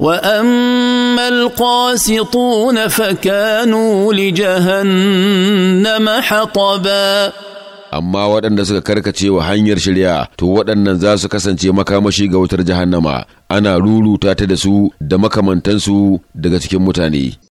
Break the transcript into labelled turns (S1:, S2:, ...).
S1: واما القاسطون فكانوا jahannama حطبا amma waɗanda suka karkace wa hanyar
S2: shirya to waɗannan za su kasance makamashi ga wutar jahannama ana ruruta ta da su da makamantansu daga cikin mutane